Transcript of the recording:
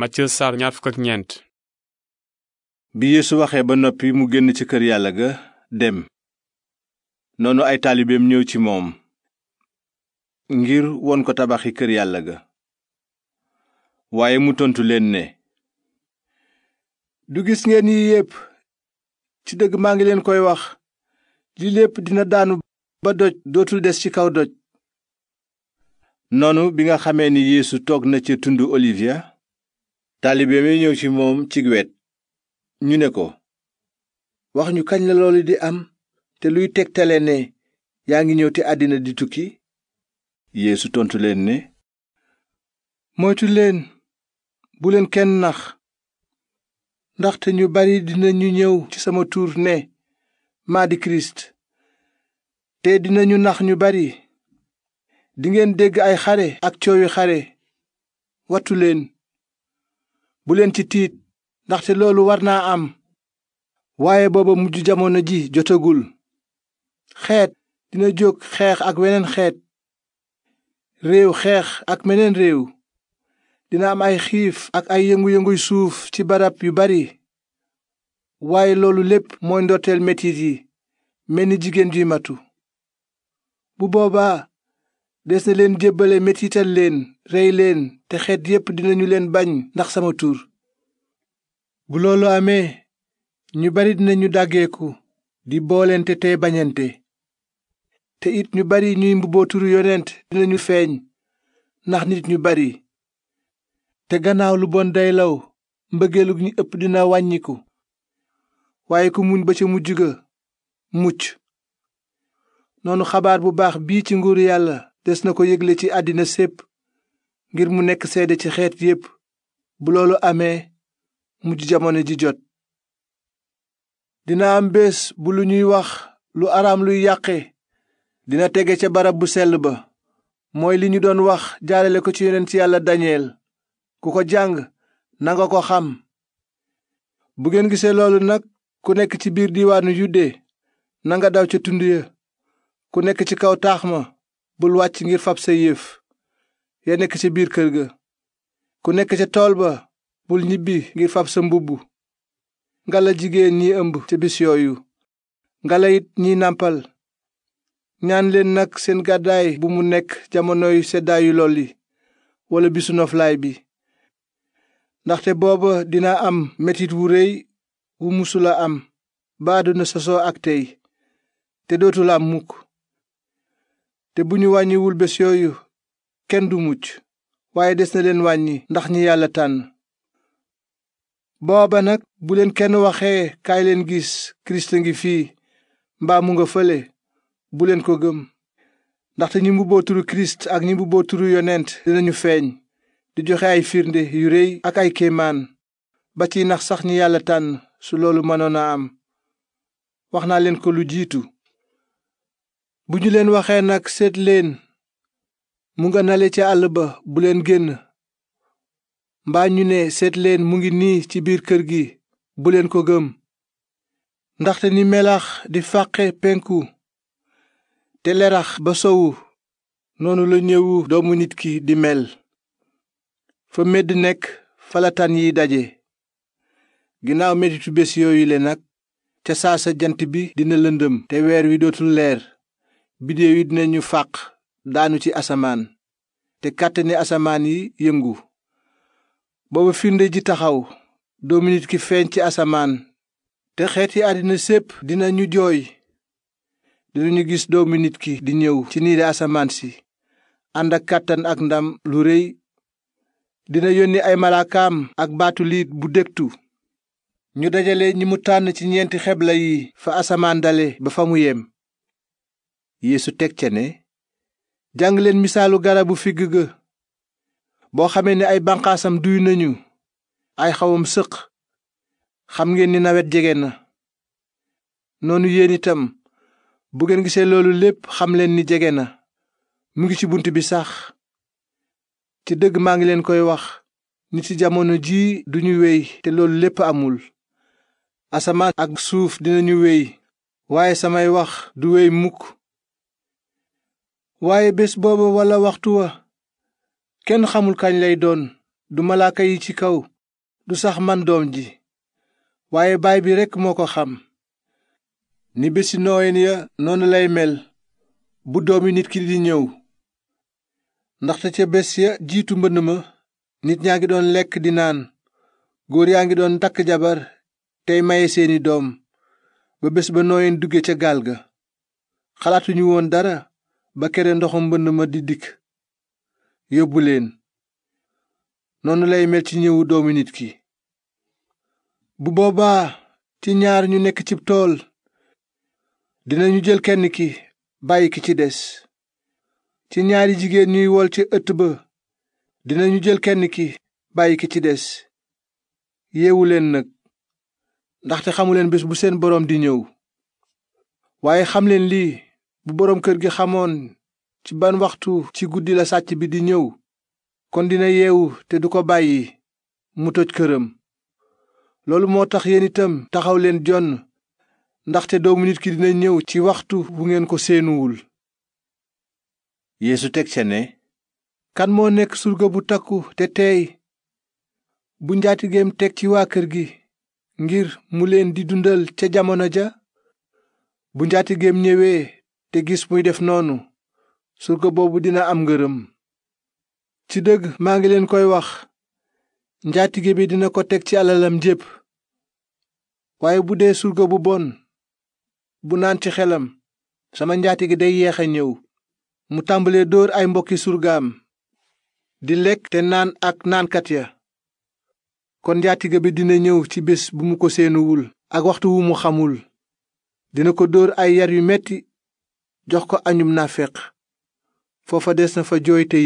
Matthieu saar ñaar bi Yeesu waxee ba noppi mu génn ci kër yàlla ga dem noonu ay taalibeem ñëw ci moom ngir won ko tabaxi kër yàlla ga waaye mu tontu leen ne du gis ngeen yi yépp ci dëgg maa ngi leen koy wax lii lépp dina daanu ba doj dootul des ci kaw doj noonu bi nga xamee ni Yeesu toog na ca tundu Olivier taalibe mi ñëw ci moom cig wet ñu ne ko wax ñu kañ la loolu di am te luy tegtale ne yaa ngi ñëw te àddina di tukki yéesu tontu leen ne moytu leen bu kenn nax ndaxte ñu dina ñu ñëw ci sama tuur ne maa di kirist te dinañu nax ñu bari dingeen dégg ay xare ak coowi xare wattuleen buleen ci tiit ndaxte loolu war naa am waaye booba mujj jamono ji jotagul xeet dina jóg xeex ak weneen xeet réew xeex ak meneen réew dina am ay xiif ak ay yëngu-yënguy suuf ci barab yu bari waaye loolu lépp mooy ndoorteel metit yi mel ni jigéen juy matu bu boobaa des na leen jébbale metital leen rey leen te xeet yépp dinañu leen bañ ndax sama tur bu loolu amee ñu bari dinañu dàggeeku di boolente tey bañante te it ñu bari ñuy mbubboo turu yonent dinañu feeñ ndax nit ñu bari te gannaaw lu bon day law mbëggeelu ñu ëpp dina wàññiku waaye ku muñ ba ca mujj ga mucc noonu xabaar bu baax bii ci nguur yàlla des na ko yëgle ci àddina sépp ngir mu nekk seede ci xeet yépp bu loolu amee mujj jamono ji jot dina am bés bu lu ñuy wax lu araam luy yàqe dina tege ca barab bu sell ba mooy li ñu doon wax jaarale ko ci ci yàlla dañeel ku ko jàng nanga ko xam bu ngeen gisee loolu nag ku nekk ci biir diiwaanu yudde nanga daw ca tund ya ku nekk ci kaw taax ma bul wàcc ngir fab sa yëf ya nekk ca biir kër ga ku nekk ca tool ba bul ñibbi ngir fab sa mbubb ngala jigéen ñi ëmb ci bis yooyu ngala it ñi nàmpal ñaan leen nag seen gàddaay bu mu nekk jamonoy seddaayu lolli walla bisu noflaay bi ndaxte booba dina am metit wu rëy wu musula am ba na sosoo ak tey te dootul am mukk te bu ñu wàññiwul bés yooyu kenn du mucc waaye des na leen wàññi ndax ñi yàlla tànn booba nag bu leen kenn waxee kaay leen gis kirist ngi fii mbaa mu nga fële bu leen ko gëm ndaxte ñi mbubboo kirist ak ñi mbubboo turu yonent dinañu feeñ di joxe ay firnde yu rëy ak ay kéemaan ba ci nax sax ñi yàlla tànn su loolu mënoon a am wax naa leen ko lu jiitu bu ñu leen waxee nag seet leen mu nga nale ci àll ba bu leen génn mbaa ñu ne seet leen mu ngi nii ci biir kër gi bu leen ko gëm ndaxte ni melax di fàqe penku te lerax ba sowu noonu la ñëwu doomu nit ki di mel fa medd nekk falatan yi daje ginnaaw mettitu bés yooyu nag ca saasa jant bi dina lëndëm te weer wi dootul leer biddéew yi dinañu fàq daanu ci asamaan te kàttani asamaan yi yëngu booba finde ji taxaw doomu nit ki feeñ ci asamaan te xeeti àddina sépp dina ñu jooy dinañu gis doomi nit ki di ñëw ci niiri asamaan si ànd ak kàttan ak ndam lu rëy dina yónni ay malaakaam ak baatu liit bu dégtu ñu dajale ñi mu tànn ci ñeenti xebla yi fa asamaan dale ba fa mu yem yéesu teg ca ne jàng leen misaalu garabu figg ga boo xamee ne ay banqaasam duy nañu ay xawam sëq xam ngeen ni nawet jege na noonu yéen itam bu ngeen gisee loolu lépp xam leen ni jege na mu ngi ci bunt bi sax ci dëgg maa ngi leen koy wax ni ci jamono jii duñu wéy te loolu lépp amul asamaan ak suuf dinañu wéy waaye samay wax du wéy mukk waaye bés booba walla waxtu wa kenn xamul kañ lay doon du malaaka yi ci kaw du sax man doom ji waaye baay bi rekk moo ko xam ni bési nooyen ya noonu lay mel bu doom yi nit ki di ñëw ndaxte ca bés ya jiitu mbënn ma nit ñaa ngi doon lekk di naan góor yaa ngi doon takk jabar tey maye seeni doom ba bés ba nooyen dugge ca gaal ga xalaatuñu woon dara ba kere ndoxu mbënn ma di dikk yóbbuleen noonu lay mel ci ñëwu doomu nit ki bu boobaa ci ñaar ñu nekk cib tool dinañu jël kenn ki bàyyi ki ci des ci ñaari jigéen ñuy wol ci ëtt ba dinañu jël kenn ki bàyyi ki ci des yeewu leen nag ndaxte xamu leen bés bu seen boroom di ñëw waaye xam lii bu boroom kër gi xamoon ci ban waxtu ci guddi la sàcc bi di ñëw kon dina yeewu te du ko bàyyi mu toj këram loolu moo tax yéen itam taxaw leen jonn ndaxte doomu nit ki dina ñëw ci waxtu bu ngeen ko séenuwul yéesu teg ca ne kan moo nekk surga bu takku te tey bu njaatigeem teg ci waa kër gi ngir mu leen di dundal ca jamono ja bu njaatigeem ñëwee te gis muy def noonu surga boobu dina am ngërëm ci dëgg maa ngi leen koy wax njaatige bi dina ko teg ci alalam jépp waaye bu dee surga bu bon bu naan ci xelam sama njaatige day yeex a ñëw mu tàmbalee dóor ay mbokki surgaam di lekk te naan ak naankat ya kon njaatige bi dina ñëw ci bés bu mu ko seenuwul ak waxtu wu mu xamul dina ko dóor ay yar yu metti jox ko añum nafeq foofa des na fa jooy te